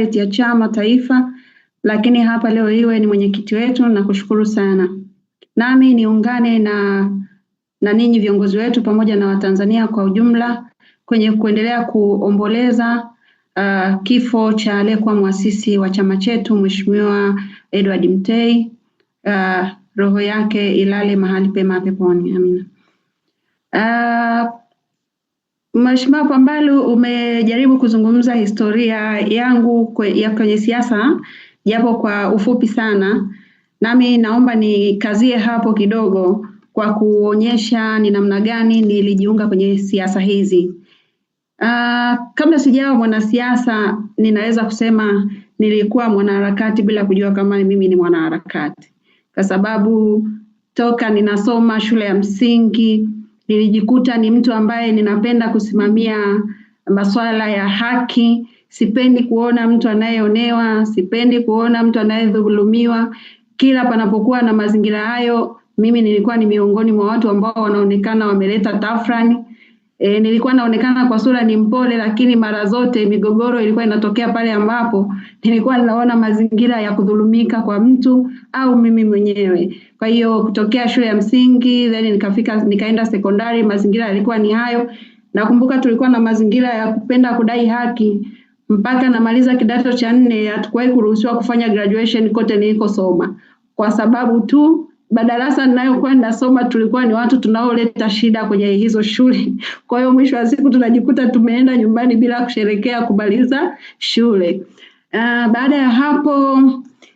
ya chama taifa, lakini hapa leo iwe ni mwenyekiti wetu. Nakushukuru sana, nami niungane na na ninyi viongozi wetu pamoja na Watanzania kwa ujumla kwenye kuendelea kuomboleza uh, kifo cha aliyekuwa mwasisi wa chama chetu Mheshimiwa Edward Mtei. Uh, roho yake ilale mahali pema peponi. Amina. Uh, Mheshimiwa Pambalu, umejaribu kuzungumza historia yangu kwe, ya kwenye siasa japo kwa ufupi sana, nami naomba nikazie hapo kidogo kwa kuonyesha ni namna gani nilijiunga kwenye siasa hizi. Uh, kabla sijawa mwanasiasa, ninaweza kusema nilikuwa mwanaharakati bila kujua kama mimi ni mwanaharakati, kwa sababu toka ninasoma shule ya msingi nilijikuta ni mtu ambaye ninapenda kusimamia masuala ya haki. Sipendi kuona mtu anayeonewa, sipendi kuona mtu anayedhulumiwa. Kila panapokuwa na mazingira hayo, mimi nilikuwa ni miongoni mwa watu ambao wanaonekana wameleta tafrani E, nilikuwa naonekana kwa sura ni mpole, lakini mara zote migogoro ilikuwa inatokea pale ambapo nilikuwa ninaona mazingira ya kudhulumika kwa mtu au mimi mwenyewe. Kwa hiyo kutokea shule ya msingi then nikafika nikaenda sekondari, mazingira yalikuwa ni hayo. Nakumbuka tulikuwa na mazingira ya kupenda kudai haki mpaka namaliza kidato cha nne, hatukuwahi kuruhusiwa kufanya graduation kote nilikosoma kwa sababu tu madarasa ninayokuwa ninasoma tulikuwa ni watu tunaoleta shida kwenye hizo shule. Kwa hiyo mwisho wa siku tunajikuta tumeenda nyumbani bila kusherekea kumaliza shule. Uh, baada ya hapo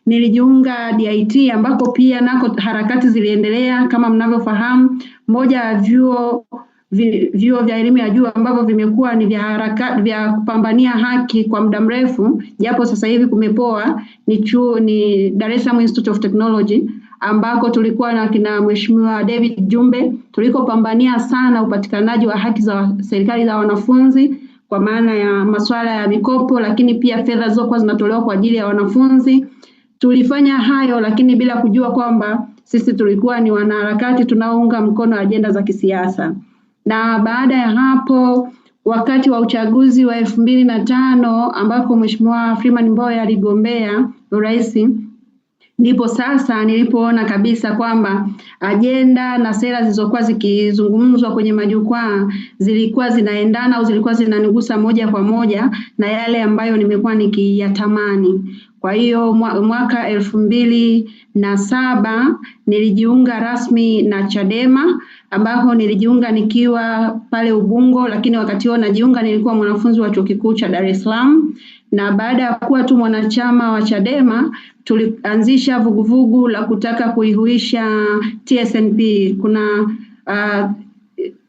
nilijiunga DIT ambapo pia nako harakati ziliendelea kama mnavyofahamu, moja ya vyuo vyuo vya elimu ya juu ambavyo vimekuwa ni vya haraka vya kupambania haki kwa muda mrefu, japo sasa hivi kumepoa, ni chuo ni Dar es Salaam Institute of Technology ambako tulikuwa na kina Mheshimiwa David Jumbe tulikopambania sana upatikanaji wa haki za serikali za wanafunzi kwa maana ya masuala ya mikopo, lakini pia fedha zilizokuwa zinatolewa kwa ajili ya wanafunzi. Tulifanya hayo lakini bila kujua kwamba sisi tulikuwa ni wanaharakati tunaounga mkono ajenda za kisiasa. Na baada ya hapo, wakati wa uchaguzi wa elfu mbili na tano ambapo Mheshimiwa Freeman Mbowe aligombea urais ndipo sasa nilipoona kabisa kwamba ajenda na sera zilizokuwa zikizungumzwa kwenye majukwaa zilikuwa zinaendana au zilikuwa zinanigusa moja kwa moja na yale ambayo nimekuwa nikiyatamani. Kwa hiyo mwaka elfu mbili na saba nilijiunga rasmi na Chadema ambapo nilijiunga nikiwa pale Ubungo, lakini wakati huo najiunga nilikuwa mwanafunzi wa chuo kikuu cha Dar es Salaam na baada ya kuwa tu mwanachama wa Chadema tulianzisha vuguvugu la kutaka kuihuisha TSNP. Kuna uh,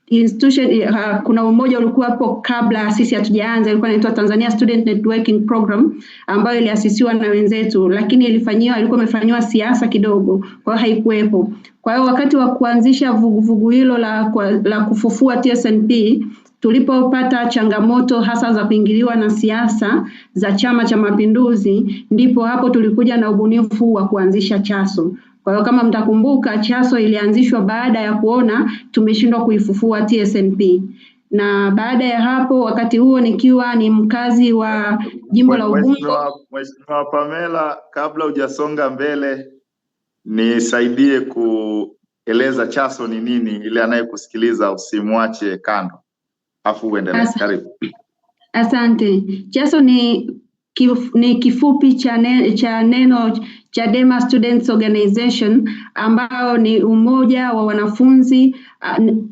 institution uh, kuna umoja ulikuwa hapo kabla sisi hatujaanza, ilikuwa inaitwa Tanzania Student Networking Program ambayo iliasisiwa na wenzetu, lakini ilifanyiwa ilikuwa imefanyiwa siasa kidogo, kwa hiyo haikuwepo. Kwa hiyo wakati wa kuanzisha vuguvugu hilo la, la kufufua TSNP tulipopata changamoto hasa za kuingiliwa na siasa za Chama cha Mapinduzi, ndipo hapo tulikuja na ubunifu wa kuanzisha Chaso. Kwa hiyo kama mtakumbuka, Chaso ilianzishwa baada ya kuona tumeshindwa kuifufua TSNP na baada ya hapo, wakati huo nikiwa ni mkazi wa jimbo la Ubungo. Mheshimiwa Pamela, kabla hujasonga mbele, nisaidie kueleza Chaso ni nini, ili anayekusikiliza usimwache kando afu uendelee. Karibu. Asante. chaso ni ni kifupi cha ne, cha neno Chadema Students Organization ambao ni umoja wa wanafunzi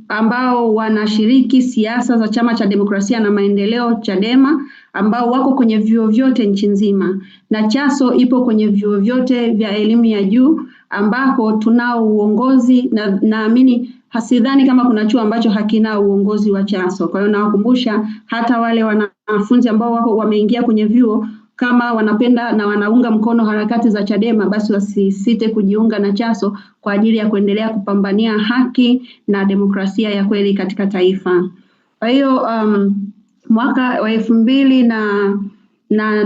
ambao wanashiriki siasa za Chama cha Demokrasia na Maendeleo Chadema ambao wako kwenye vyuo vyote nchi nzima, na Chaso ipo kwenye vyuo vyote vya elimu ya juu ambako tunao uongozi na naamini hasidhani kama kuna chuo ambacho hakina uongozi wa CHASO. Kwa hiyo nawakumbusha hata wale wanafunzi ambao wako wameingia kwenye vyuo kama wanapenda na wanaunga mkono harakati za Chadema basi wasisite kujiunga na CHASO kwa ajili ya kuendelea kupambania haki na demokrasia ya kweli katika taifa. Kwa hiyo um, mwaka wa elfu mbili na na,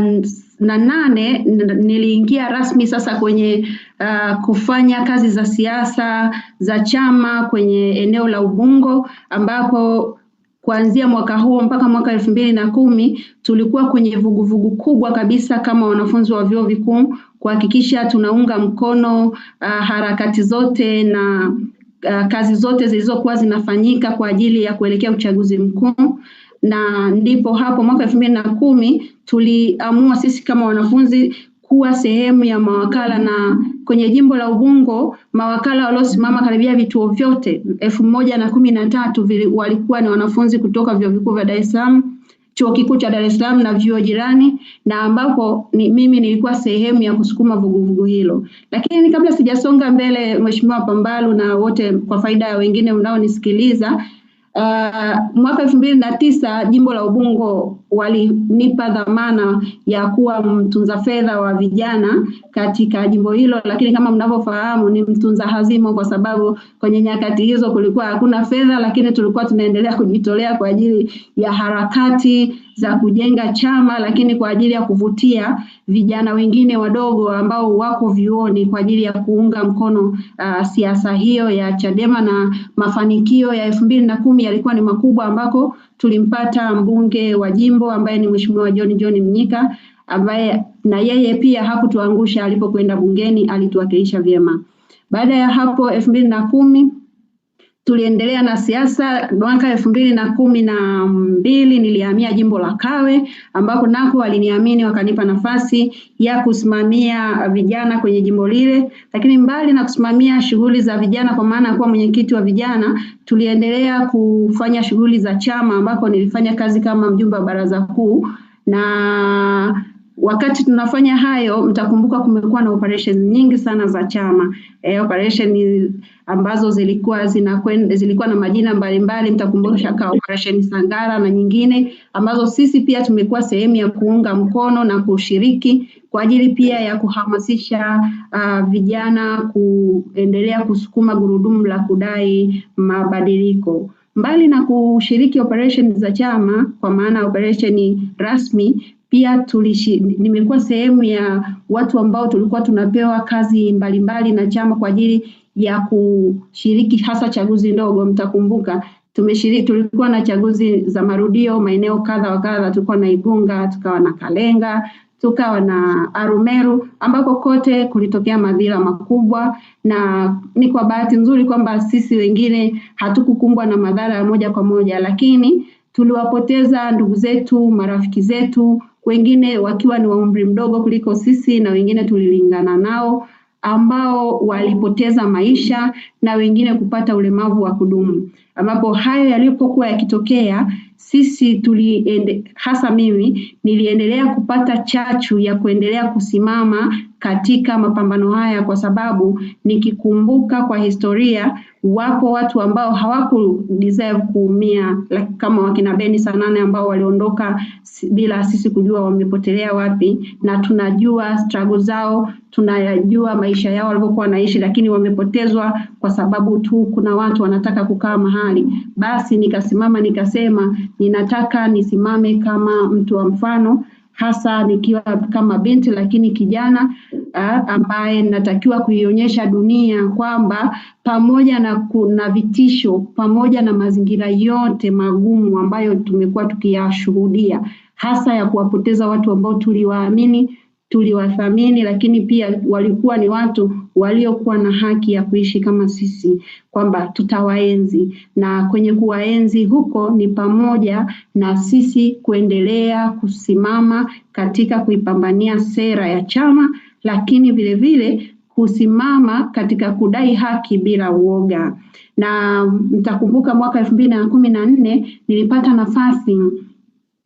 na nane niliingia rasmi sasa kwenye uh, kufanya kazi za siasa za chama kwenye eneo la Ubungo ambapo kuanzia mwaka huo mpaka mwaka elfu mbili na kumi tulikuwa kwenye vuguvugu vugu kubwa kabisa kama wanafunzi wa vyuo vikuu kuhakikisha tunaunga mkono uh, harakati zote na uh, kazi zote zilizokuwa zinafanyika kwa ajili ya kuelekea uchaguzi mkuu na ndipo hapo mwaka elfu mbili na kumi tuliamua sisi kama wanafunzi kuwa sehemu ya mawakala na kwenye jimbo la Ubungo mawakala waliosimama karibia vituo vyote elfu moja na kumi na tatu walikuwa ni wanafunzi kutoka vyuo vikuu vya Dar es Salaam, chuo kikuu cha Dar es Salaam na vyuo jirani, na ambapo ni, mimi nilikuwa sehemu ya kusukuma vuguvugu hilo. Lakini kabla sijasonga mbele, Mheshimiwa Pambalu na wote, kwa faida ya wengine mnaonisikiliza Uh, mwaka elfu mbili na tisa jimbo la Ubungo walinipa dhamana ya kuwa mtunza fedha wa vijana katika jimbo hilo, lakini kama mnavyofahamu ni mtunza hazimo, kwa sababu kwenye nyakati hizo kulikuwa hakuna fedha, lakini tulikuwa tunaendelea kujitolea kwa ajili ya harakati za kujenga chama, lakini kwa ajili ya kuvutia vijana wengine wadogo ambao wako vyuoni kwa ajili ya kuunga mkono uh, siasa hiyo ya Chadema na mafanikio ya elfu mbili na kumi yalikuwa ni makubwa ambako tulimpata mbunge wa jimbo ambaye ni Mheshimiwa John John Mnyika ambaye na yeye pia hakutuangusha alipokwenda bungeni, alituwakilisha vyema. Baada ya hapo elfu mbili na kumi tuliendelea na siasa. Mwaka elfu mbili na kumi na mbili nilihamia jimbo la Kawe ambapo nako waliniamini wakanipa nafasi ya kusimamia vijana kwenye jimbo lile, lakini mbali na kusimamia shughuli za vijana kwa maana ya kuwa mwenyekiti wa vijana, tuliendelea kufanya shughuli za chama ambapo nilifanya kazi kama mjumbe wa baraza kuu na Wakati tunafanya hayo, mtakumbuka kumekuwa na operation nyingi sana za chama e, operation ambazo zilikuwa zinakwenda zilikuwa na majina mbalimbali. Mtakumbusha ka operation Sangara na nyingine ambazo sisi pia tumekuwa sehemu ya kuunga mkono na kushiriki kwa ajili pia ya kuhamasisha uh, vijana kuendelea kusukuma gurudumu la kudai mabadiliko mbali na kushiriki operation za chama kwa maana operation rasmi, pia tulishi, nimekuwa sehemu ya watu ambao tulikuwa tunapewa kazi mbalimbali na chama kwa ajili ya kushiriki hasa chaguzi ndogo. Mtakumbuka tumeshiriki, tulikuwa na chaguzi za marudio maeneo kadha wa kadha, tulikuwa na Igunga, tukawa na Kalenga, tukawa na Arumeru ambako kote kulitokea madhira makubwa, na ni kwa bahati nzuri kwamba sisi wengine hatukukumbwa na madhara ya moja kwa moja, lakini tuliwapoteza ndugu zetu, marafiki zetu wengine wakiwa ni wa umri mdogo kuliko sisi na wengine tulilingana nao ambao walipoteza maisha na wengine kupata ulemavu wa kudumu, ambapo hayo yalipokuwa yakitokea, sisi tuliende, hasa mimi niliendelea kupata chachu ya kuendelea kusimama katika mapambano haya, kwa sababu nikikumbuka kwa historia, wapo watu ambao hawaku deserve kuumia like, kama wakina Beni Sanane ambao waliondoka bila sisi kujua wamepotelea wapi, na tunajua struggle zao, tunayajua maisha yao walivyokuwa wanaishi, lakini wamepotezwa kwa sababu tu kuna watu wanataka kukaa mahali. Basi nikasimama nikasema, ninataka nisimame kama mtu wa mfano hasa nikiwa kama binti lakini kijana ambaye natakiwa kuionyesha dunia kwamba pamoja na kuna vitisho, pamoja na mazingira yote magumu ambayo tumekuwa tukiyashuhudia, hasa ya kuwapoteza watu ambao tuliwaamini, tuliwathamini, lakini pia walikuwa ni watu waliokuwa na haki ya kuishi kama sisi, kwamba tutawaenzi, na kwenye kuwaenzi huko ni pamoja na sisi kuendelea kusimama katika kuipambania sera ya chama lakini vilevile kusimama katika kudai haki bila uoga. Na mtakumbuka mwaka elfu mbili na kumi na nne nilipata nafasi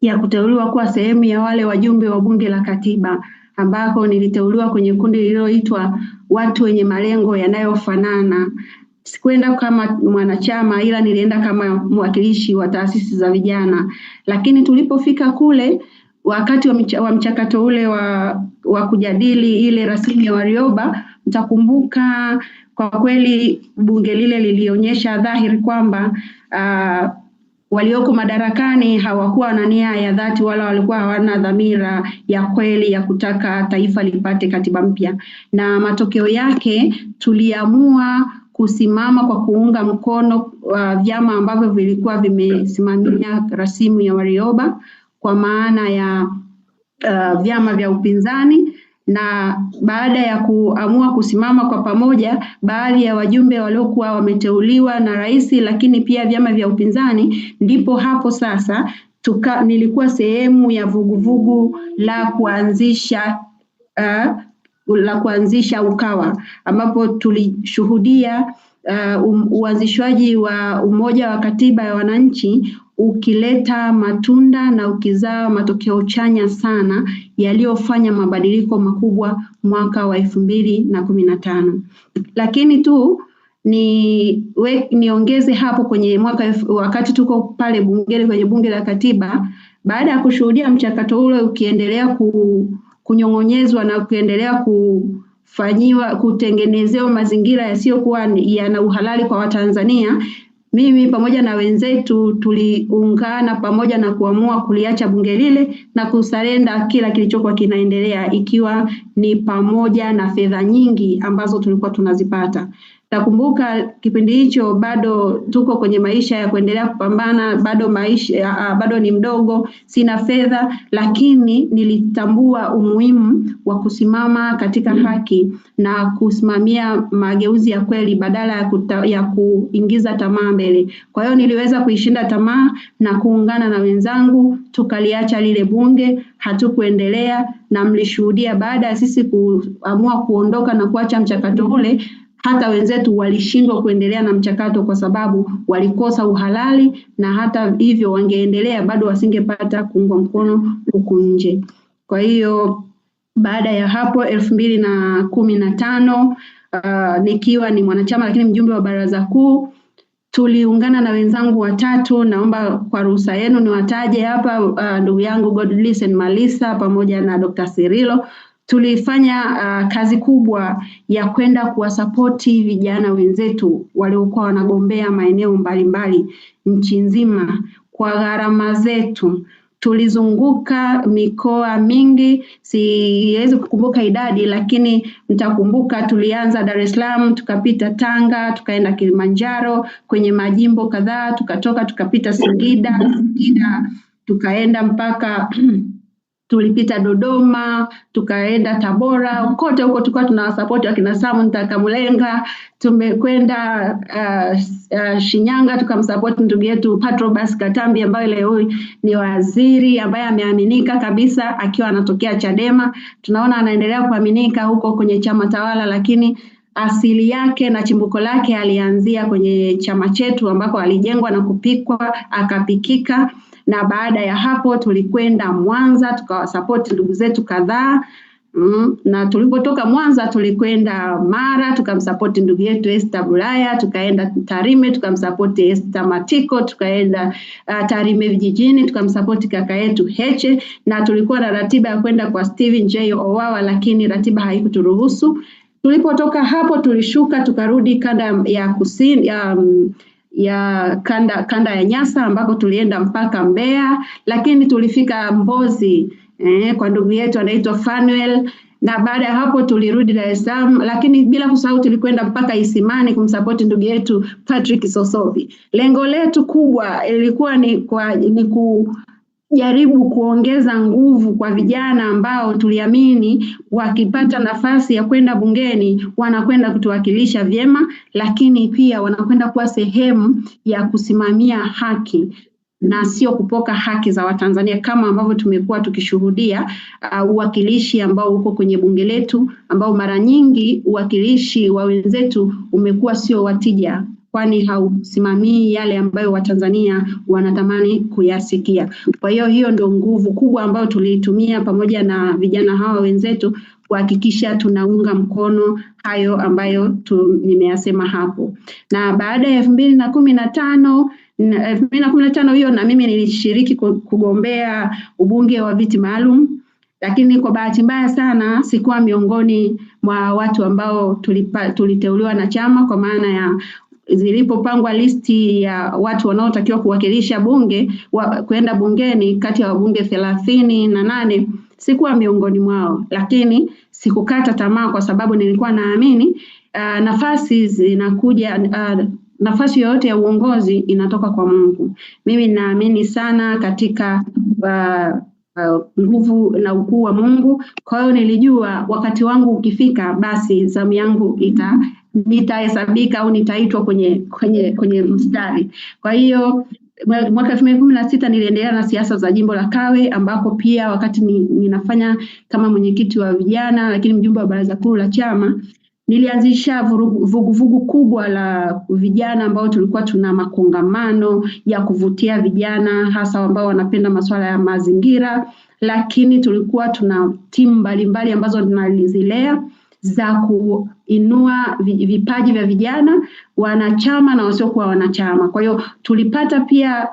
ya kuteuliwa kuwa sehemu ya wale wajumbe wa Bunge la Katiba, ambako niliteuliwa kwenye kundi lililoitwa watu wenye malengo yanayofanana. Sikuenda kama mwanachama, ila nilienda kama mwakilishi wa taasisi za vijana, lakini tulipofika kule wakati wa, mchakato ule wa, wa kujadili ile rasimu ya Warioba, mtakumbuka kwa kweli bunge lile lilionyesha dhahiri kwamba uh, walioko madarakani hawakuwa na nia ya dhati wala walikuwa hawana dhamira ya kweli ya kutaka taifa lipate katiba mpya, na matokeo yake tuliamua kusimama kwa kuunga mkono uh, vyama ambavyo vilikuwa vimesimamia rasimu ya Warioba kwa maana ya uh, vyama vya upinzani na baada ya kuamua kusimama kwa pamoja, baadhi ya wajumbe waliokuwa wameteuliwa na rais, lakini pia vyama vya upinzani, ndipo hapo sasa tuka, nilikuwa sehemu ya vuguvugu la kuanzisha uh, la kuanzisha Ukawa ambapo tulishuhudia uh, um, uanzishwaji wa Umoja wa Katiba ya Wananchi ukileta matunda na ukizaa matokeo chanya sana yaliyofanya mabadiliko makubwa mwaka wa elfu mbili na kumi na tano. Lakini tu ni we, niongeze hapo kwenye mwaka wakati tuko pale bungeni kwenye bunge la katiba, baada ya kushuhudia mchakato ule ukiendelea ku, kunyong'onyezwa na kuendelea kufanyiwa kutengenezewa mazingira yasiyokuwa yana uhalali kwa Watanzania, mimi pamoja na wenzetu tuliungana pamoja na kuamua kuliacha bunge lile na kusarenda kila kilichokuwa kinaendelea, ikiwa ni pamoja na fedha nyingi ambazo tulikuwa tunazipata takumbuka kipindi hicho bado tuko kwenye maisha ya kuendelea kupambana, bado maisha, ah, ah, bado ni mdogo, sina fedha, lakini nilitambua umuhimu wa kusimama katika haki na kusimamia mageuzi ya kweli badala ya, kuta, ya kuingiza tamaa mbele. Kwa hiyo niliweza kuishinda tamaa na kuungana na wenzangu, tukaliacha lile bunge, hatukuendelea na mlishuhudia baada ya sisi kuamua kuondoka na kuacha mchakato ule hata wenzetu walishindwa kuendelea na mchakato kwa sababu walikosa uhalali, na hata hivyo wangeendelea bado wasingepata kuungwa mkono huku nje. Kwa hiyo baada ya hapo elfu mbili na kumi na tano uh, nikiwa ni mwanachama lakini mjumbe wa baraza kuu tuliungana na wenzangu watatu, naomba kwa ruhusa yenu niwataje hapa, uh, ndugu yangu Godlisten Malisa pamoja na Dr. Sirilo tulifanya uh, kazi kubwa ya kwenda kuwasapoti vijana wenzetu waliokuwa wanagombea maeneo mbalimbali nchi nzima kwa gharama zetu. Tulizunguka mikoa mingi, siwezi kukumbuka idadi, lakini mtakumbuka tulianza Dar es Salaam, tukapita Tanga, tukaenda Kilimanjaro, kwenye majimbo kadhaa, tukatoka tukapita Singida, Singida tukaenda mpaka tulipita Dodoma, tukaenda Tabora, kote huko tulikuwa tunawasapoti wakina Samu Kamulenga. Tumekwenda uh, uh, Shinyanga tukamsapoti ndugu yetu Patrobas Katambi ambaye leo ni waziri ambaye ameaminika kabisa akiwa anatokea Chadema. Tunaona anaendelea kuaminika huko kwenye chama tawala, lakini asili yake na chimbuko lake alianzia kwenye chama chetu ambako alijengwa na kupikwa akapikika, na baada ya hapo tulikwenda Mwanza tukawasapoti ndugu zetu kadhaa mm, na tulipotoka Mwanza tulikwenda Mara tukamsapoti ndugu yetu Esther Bulaya, tukaenda Tarime tukamsapoti Esther Matiko, tukaenda uh, Tarime vijijini tukamsapoti kaka yetu Heche, na tulikuwa na ratiba ya kwenda kwa Steven J Owawa, lakini ratiba haikuturuhusu Tulipotoka hapo tulishuka tukarudi kanda ya kusini ya, ya kanda, kanda ya Nyasa ambako tulienda mpaka Mbeya, lakini tulifika Mbozi eh, kwa ndugu yetu anaitwa Fanuel na baada ya hapo tulirudi Dar es Salaam, lakini bila kusahau tulikwenda mpaka Isimani kumsapoti ndugu yetu Patrick Sosobi. Lengo letu kubwa ilikuwa ni, kwa, ni ku jaribu kuongeza nguvu kwa vijana ambao tuliamini wakipata nafasi ya kwenda bungeni wanakwenda kutuwakilisha vyema, lakini pia wanakwenda kuwa sehemu ya kusimamia haki na sio kupoka haki za Watanzania kama ambavyo tumekuwa tukishuhudia uh, uwakilishi ambao uko kwenye bunge letu, ambao mara nyingi uwakilishi wa wenzetu umekuwa sio watija kwani hausimamii yale ambayo Watanzania wanatamani kuyasikia. Kwa hiyo hiyo ndio nguvu kubwa ambayo tuliitumia pamoja na vijana hawa wenzetu kuhakikisha tunaunga mkono hayo ambayo tu, nimeyasema hapo. Na baada ya elfu mbili na kumi na tano elfu mbili na kumi na tano hiyo na mimi nilishiriki kugombea ubunge wa viti maalum, lakini kwa bahati mbaya sana sikuwa miongoni mwa watu ambao tulipa, tuliteuliwa na chama kwa maana ya zilipopangwa listi ya watu wanaotakiwa kuwakilisha bunge wa, kwenda bungeni kati ya wabunge thelathini na nane sikuwa miongoni mwao, lakini sikukata tamaa kwa sababu nilikuwa naamini uh, nafasi zinakuja uh, nafasi yoyote ya uongozi inatoka kwa Mungu. Mimi naamini sana katika uh, uh nguvu uh, na ukuu wa Mungu. Kwa hiyo nilijua wakati wangu ukifika, basi zamu yangu ita nitahesabika au nitaitwa kwenye kwenye kwenye mstari. Kwa hiyo mwaka elfu mbili kumi na sita niliendelea na siasa za jimbo la Kawe ambapo pia wakati ninafanya kama mwenyekiti wa vijana, lakini mjumbe wa baraza kuu la chama nilianzisha vuguvugu vugu kubwa la vijana ambao tulikuwa tuna makongamano ya kuvutia vijana hasa ambao wanapenda masuala ya mazingira, lakini tulikuwa tuna timu mbalimbali ambazo tunalizilea za kuinua vipaji vya vijana wanachama na wasiokuwa wanachama. Kwa hiyo tulipata pia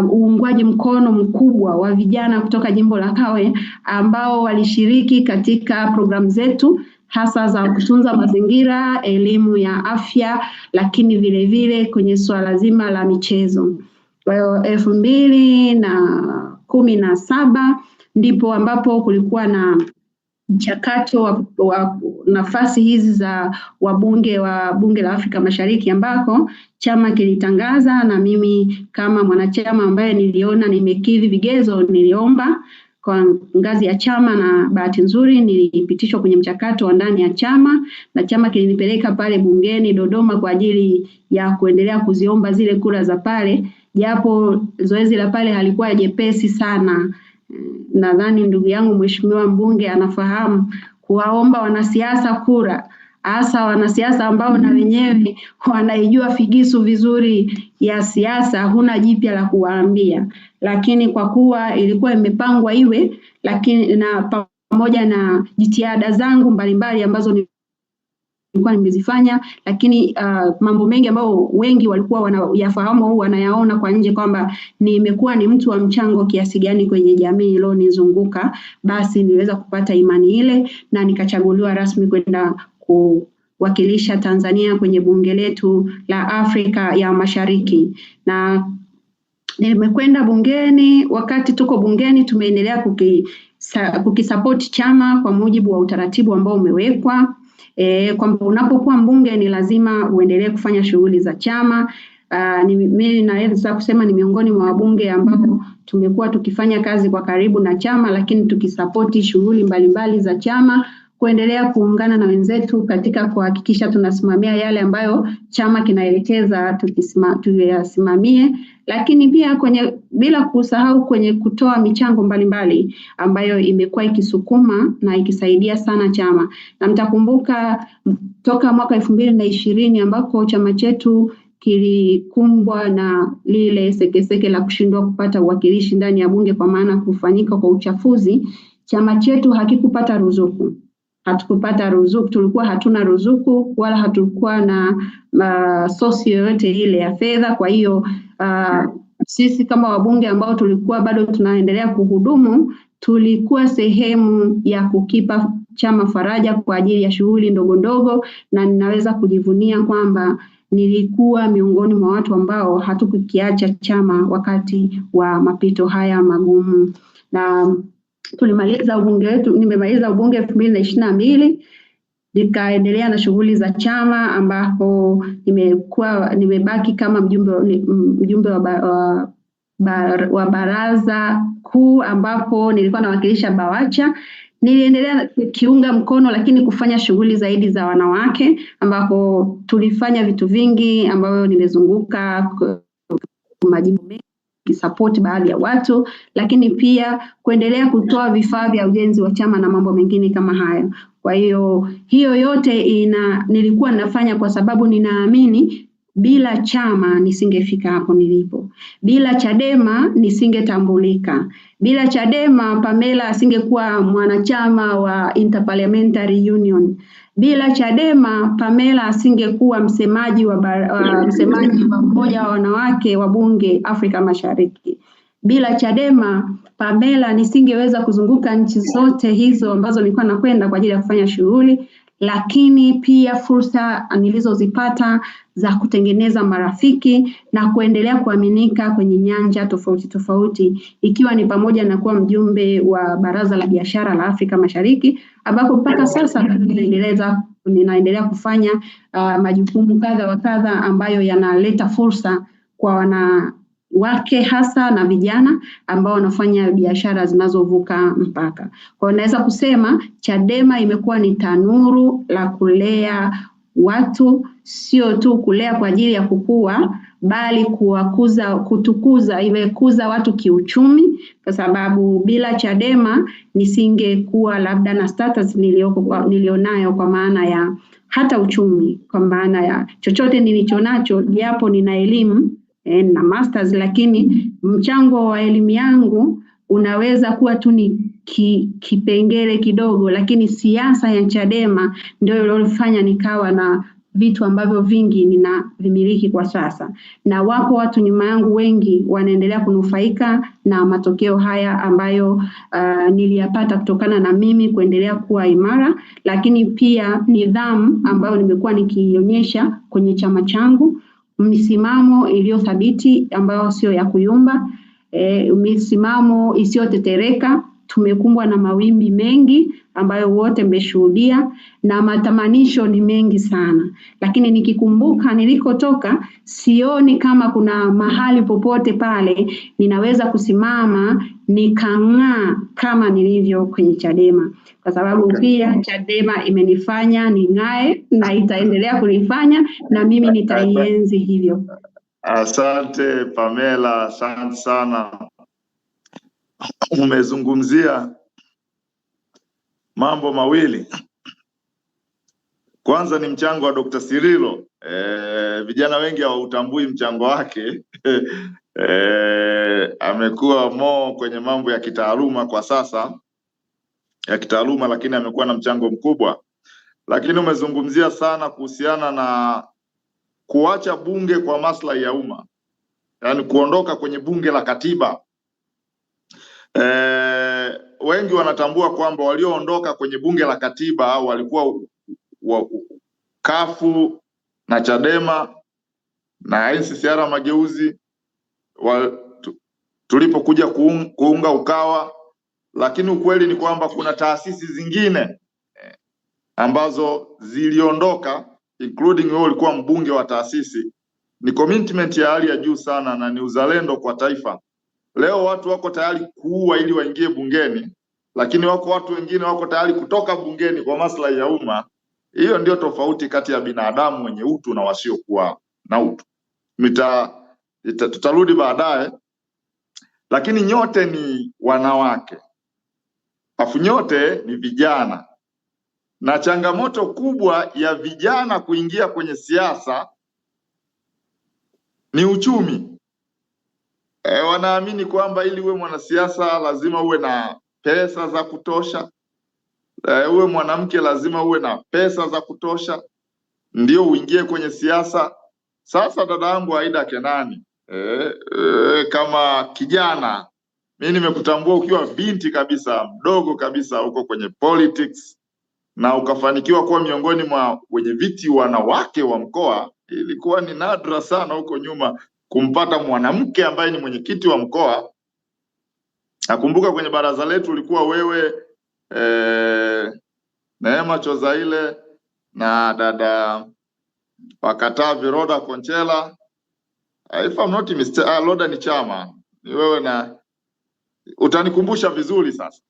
uh, uungwaji mkono mkubwa wa vijana kutoka jimbo la Kawe ambao walishiriki katika programu zetu hasa za kutunza mazingira, elimu ya afya, lakini vile vile kwenye suala zima la michezo. Kwa hiyo elfu mbili na kumi na saba ndipo ambapo kulikuwa na mchakato wa, wa nafasi hizi za wabunge wa bunge la Afrika Mashariki ambako chama kilitangaza, na mimi kama mwanachama ambaye niliona nimekidhi vigezo, niliomba kwa ngazi ya chama, na bahati nzuri nilipitishwa kwenye mchakato wa ndani ya chama, na chama kilinipeleka pale bungeni Dodoma kwa ajili ya kuendelea kuziomba zile kura za pale, japo zoezi la pale halikuwa jepesi sana nadhani ndugu yangu mheshimiwa mbunge anafahamu, kuwaomba wanasiasa kura, hasa wanasiasa ambao na wenyewe wanaijua figisu vizuri ya siasa, huna jipya la kuwaambia. Lakini kwa kuwa ilikuwa imepangwa iwe, lakini na pamoja na jitihada zangu mbalimbali ambazo ni nilikuwa nimezifanya, lakini uh, mambo mengi ambayo wengi walikuwa wanayafahamu au wanayaona kwa nje kwamba nimekuwa ni mtu wa mchango kiasi gani kwenye jamii iliyonizunguka, basi niliweza kupata imani ile na nikachaguliwa rasmi kwenda ku wakilisha Tanzania kwenye bunge letu la Afrika ya Mashariki na nimekwenda bungeni. Wakati tuko bungeni, tumeendelea kukisapoti kuki chama kwa mujibu wa utaratibu ambao umewekwa e, kwamba unapokuwa mbunge ni lazima uendelee kufanya shughuli za chama. Uh, mimi naweza kusema ni miongoni mwa wabunge ambapo tumekuwa tukifanya kazi kwa karibu na chama, lakini tukisapoti shughuli mbalimbali za chama kuendelea kuungana na wenzetu katika kuhakikisha tunasimamia yale ambayo chama kinaelekeza tuyasimamie, lakini pia kwenye, bila kusahau kwenye kutoa michango mbalimbali mbali, ambayo imekuwa ikisukuma na ikisaidia sana chama, na mtakumbuka toka mwaka elfu mbili na ishirini ambako chama chetu kilikumbwa na lile sekeseke la kushindwa kupata uwakilishi ndani ya bunge kwa maana kufanyika kwa uchafuzi, chama chetu hakikupata ruzuku hatukupata ruzuku, tulikuwa hatuna ruzuku wala hatukuwa na uh, sosi yoyote ile ya fedha. Kwa hiyo uh, sisi kama wabunge ambao tulikuwa bado tunaendelea kuhudumu tulikuwa sehemu ya kukipa chama faraja kwa ajili ya shughuli ndogo ndogo, na ninaweza kujivunia kwamba nilikuwa miongoni mwa watu ambao hatukukiacha chama wakati wa mapito haya magumu na tulimaliza ubunge tu, nimemaliza ubunge elfu mbili na ishirini na mbili nikaendelea na shughuli za chama ambapo nimekuwa nimebaki kama mjumbe, mjumbe wa, wa, wa baraza kuu ambapo nilikuwa nawakilisha BAWACHA. Niliendelea kiunga mkono lakini kufanya shughuli zaidi za wanawake ambapo tulifanya vitu vingi ambavyo nimezunguka majimbo mengi support baadhi ya watu, lakini pia kuendelea kutoa vifaa vya ujenzi wa chama na mambo mengine kama hayo. Kwa hiyo hiyo yote ina nilikuwa nafanya kwa sababu ninaamini bila chama nisingefika hapo nilipo. Bila Chadema nisingetambulika. Bila Chadema Pamela asingekuwa mwanachama wa Interparliamentary Union. Bila Chadema Pamela asingekuwa msemaji wa, msemaji wa mmoja wa wanawake wa bunge Afrika Mashariki. Bila Chadema Pamela nisingeweza kuzunguka nchi zote hizo ambazo nilikuwa nakwenda kwa ajili ya kufanya shughuli, lakini pia fursa nilizozipata za kutengeneza marafiki na kuendelea kuaminika kwenye nyanja tofauti tofauti, ikiwa ni pamoja na kuwa mjumbe wa Baraza la Biashara la Afrika Mashariki, ambapo mpaka sasa ninaendeleza ninaendelea kufanya uh, majukumu kadha wa kadha ambayo yanaleta fursa kwa wana wake hasa na vijana ambao wanafanya biashara zinazovuka mpaka. Kwa naweza kusema Chadema imekuwa ni tanuru la kulea watu, sio tu kulea kwa ajili ya kukua, bali kuwakuza, kutukuza, imekuza watu kiuchumi, kwa sababu bila Chadema nisingekuwa labda na status niliyoko nilionayo, kwa maana ya hata uchumi, kwa maana ya chochote nilichonacho, japo nina elimu eh, na masters, lakini mchango wa elimu yangu unaweza kuwa tu ni ki, kipengele kidogo, lakini siasa ya Chadema ndio iliyofanya nikawa na vitu ambavyo vingi nina vimiliki kwa sasa, na wako watu nyuma yangu wengi wanaendelea kunufaika na matokeo haya ambayo uh, niliyapata kutokana na mimi kuendelea kuwa imara, lakini pia nidhamu ambayo nimekuwa nikiionyesha kwenye chama changu misimamo iliyo thabiti ambayo sio ya kuyumba, e, misimamo isiyotetereka tumekumbwa na mawimbi mengi ambayo wote mmeshuhudia na matamanisho ni mengi sana, lakini nikikumbuka nilikotoka, sioni kama kuna mahali popote pale ninaweza kusimama nikang'aa kama nilivyo kwenye Chadema, kwa sababu pia Chadema imenifanya ning'ae na itaendelea kunifanya na mimi nitaienzi hivyo. Asante Pamela, asante sana umezungumzia mambo mawili. Kwanza ni mchango wa Dr. Sirilo. E, vijana wengi hawautambui mchango wake. E, amekuwa mo kwenye mambo ya kitaaluma kwa sasa ya kitaaluma, lakini amekuwa na mchango mkubwa. Lakini umezungumzia sana kuhusiana na kuacha bunge kwa maslahi ya umma, yaani kuondoka kwenye bunge la katiba E, wengi wanatambua kwamba walioondoka kwenye bunge la katiba walikuwa kafu na Chadema na NCCR Mageuzi tulipokuja kuunga Ukawa, lakini ukweli ni kwamba kuna taasisi zingine eh, ambazo ziliondoka including wewe ulikuwa mbunge wa taasisi. Ni commitment ya hali ya juu sana na ni uzalendo kwa taifa Leo watu wako tayari kuua ili waingie bungeni, lakini wako watu wengine wako tayari kutoka bungeni kwa maslahi ya umma. Hiyo ndio tofauti kati ya binadamu wenye utu na wasiokuwa na utu. Mita, ita, tutarudi baadaye, lakini nyote ni wanawake, afu nyote ni vijana, na changamoto kubwa ya vijana kuingia kwenye siasa ni uchumi E, wanaamini kwamba ili uwe mwanasiasa lazima uwe na pesa za kutosha. E, uwe mwanamke lazima uwe na pesa za kutosha ndio uingie kwenye siasa. Sasa dada yangu Aida Kenani, e, e, kama kijana mi nimekutambua ukiwa binti kabisa mdogo kabisa huko kwenye politics na ukafanikiwa kuwa miongoni mwa wenye viti wanawake wa mkoa. Ilikuwa ni nadra sana huko nyuma kumpata mwanamke ambaye ni mwenyekiti wa mkoa. Nakumbuka kwenye baraza letu ulikuwa wewe e, Neema Chozaile na dada wakataa Viroda Konchela. If I'm not mistaken, ah, Loda ni chama ni wewe na utanikumbusha vizuri sasa.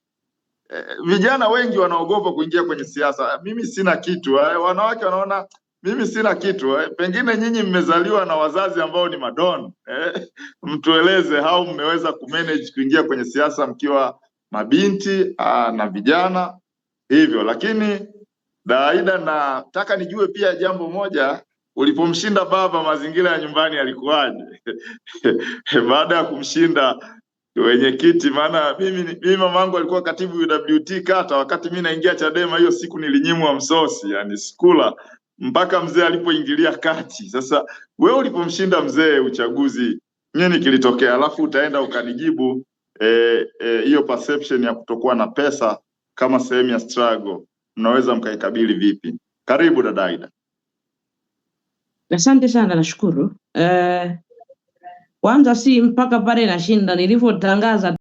E, vijana wengi wanaogopa kuingia kwenye siasa. Mimi sina kitu. Eh, wanawake wanaona mimi sina kitu eh. Pengine nyinyi mmezaliwa na wazazi ambao ni madon eh. Mtueleze hao mmeweza kumanage kuingia kwenye siasa mkiwa mabinti aa, ah, na vijana hivyo. Lakini Daida, nataka nijue pia jambo moja, ulipomshinda baba mazingira ya nyumbani yalikuwaje? baada ya kumshinda wenyekiti maana mimi, mimi mamangu alikuwa katibu UWT kata, wakati mi naingia Chadema hiyo siku nilinyimwa msosi, yani sikula mpaka mzee alipoingilia kati. Sasa wewe ulipomshinda mzee uchaguzi, nini kilitokea? Alafu utaenda ukanijibu eh, eh, hiyo e, e, perception ya kutokuwa na pesa kama sehemu ya struggle mnaweza mkaikabili vipi? Karibu dada Aida. Asante sana, nashukuru. Eh, kwanza uh, si mpaka pale nashinda nilivyotangaza